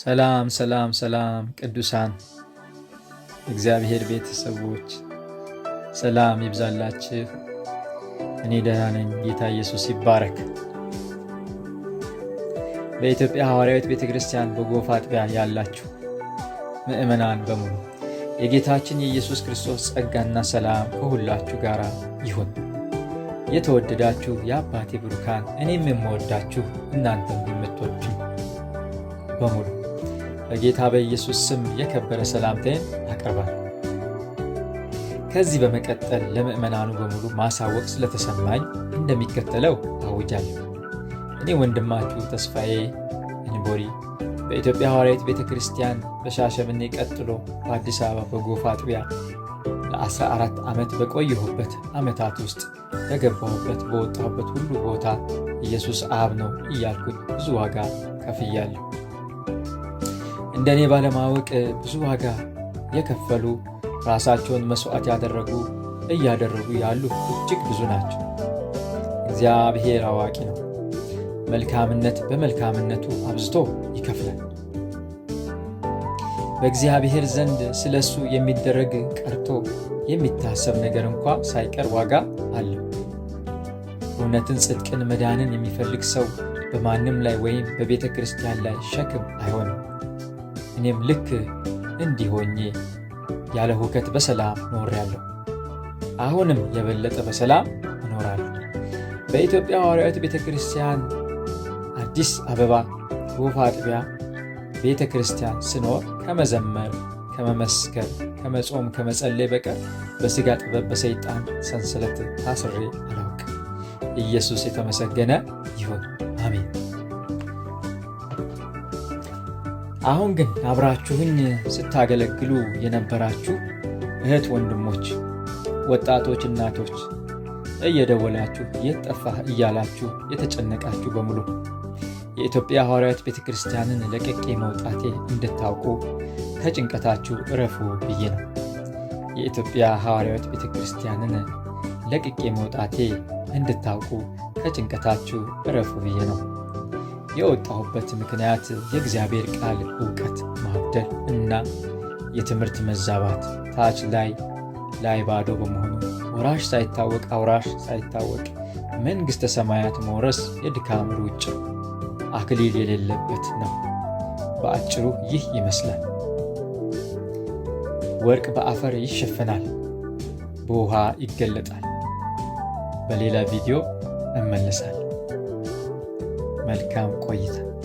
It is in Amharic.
ሰላም ሰላም ሰላም ቅዱሳን እግዚአብሔር ቤተሰቦች ሰላም ይብዛላችሁ። እኔ ደህና ነኝ። ጌታ ኢየሱስ ይባረክ። በኢትዮጵያ ሐዋርያዊት ቤተ ክርስቲያን በጎፋ አጥቢያ ያላችሁ ምእመናን በሙሉ የጌታችን የኢየሱስ ክርስቶስ ጸጋና ሰላም ከሁላችሁ ጋር ይሁን። የተወደዳችሁ የአባቴ ብሩካን፣ እኔም የምወዳችሁ እናንተም የምትወዱ በሙሉ በጌታ በኢየሱስ ስም የከበረ ሰላምታዬን አቀርባል። ከዚህ በመቀጠል ለምዕመናኑ በሙሉ ማሳወቅ ስለተሰማኝ እንደሚከተለው አውጃለሁ። እኔ ወንድማችሁ ተስፋዬ እንቦሪ በኢትዮጵያ ሐዋርያዊት ቤተ ክርስቲያን በሻሸምኔ ቀጥሎ በአዲስ አበባ በጎፋ አጥቢያ ለ14 ዓመት በቆየሁበት ዓመታት ውስጥ በገባሁበት በወጣሁበት ሁሉ ቦታ ኢየሱስ አብ ነው እያልኩኝ ብዙ ዋጋ ከፍያለሁ። እንደ እኔ ባለማወቅ ብዙ ዋጋ የከፈሉ ራሳቸውን መሥዋዕት ያደረጉ እያደረጉ ያሉ እጅግ ብዙ ናቸው። እግዚአብሔር አዋቂ ነው። መልካምነት በመልካምነቱ አብዝቶ ይከፍላል። በእግዚአብሔር ዘንድ ስለ እሱ የሚደረግ ቀርቶ የሚታሰብ ነገር እንኳ ሳይቀር ዋጋ አለው። እውነትን፣ ጽድቅን፣ መዳንን የሚፈልግ ሰው በማንም ላይ ወይም በቤተ ክርስቲያን ላይ ሸክም አይሆንም። እኔም ልክ እንዲሆኜ ያለ ሁከት በሰላም ኖሬያለሁ። አሁንም የበለጠ በሰላም እኖራለሁ። በኢትዮጵያ ሐዋርያዊት ቤተ ክርስቲያን አዲስ አበባ ውፍ አጥቢያ ቤተ ክርስቲያን ስኖር ከመዘመር፣ ከመመስከር፣ ከመጾም፣ ከመጸለይ በቀር በሥጋ ጥበብ በሰይጣን ሰንሰለት ታስሬ አላውቅም። ኢየሱስ የተመሰገነ ይሁን። አሁን ግን አብራችሁኝ ስታገለግሉ የነበራችሁ እህት ወንድሞች፣ ወጣቶች፣ እናቶች እየደወላችሁ የት ጠፋህ እያላችሁ የተጨነቃችሁ በሙሉ የኢትዮጵያ ሐዋርያት ቤተ ክርስቲያንን ለቅቄ መውጣቴ እንድታውቁ ከጭንቀታችሁ እረፉ ብዬ ነው። የኢትዮጵያ ሐዋርያት ቤተ ክርስቲያንን ለቅቄ መውጣቴ እንድታውቁ ከጭንቀታችሁ እረፉ ብዬ ነው። የወጣሁበት ምክንያት የእግዚአብሔር ቃል እውቀት ማደል እና የትምህርት መዛባት ታች ላይ ላይ ባዶ በመሆኑ ወራሽ ሳይታወቅ አውራሽ ሳይታወቅ መንግሥተ ሰማያት መውረስ የድካም ውጭ አክሊል የሌለበት ነው። በአጭሩ ይህ ይመስላል። ወርቅ በአፈር ይሸፈናል፣ በውሃ ይገለጣል። በሌላ ቪዲዮ እመለሳል። melhor coisa.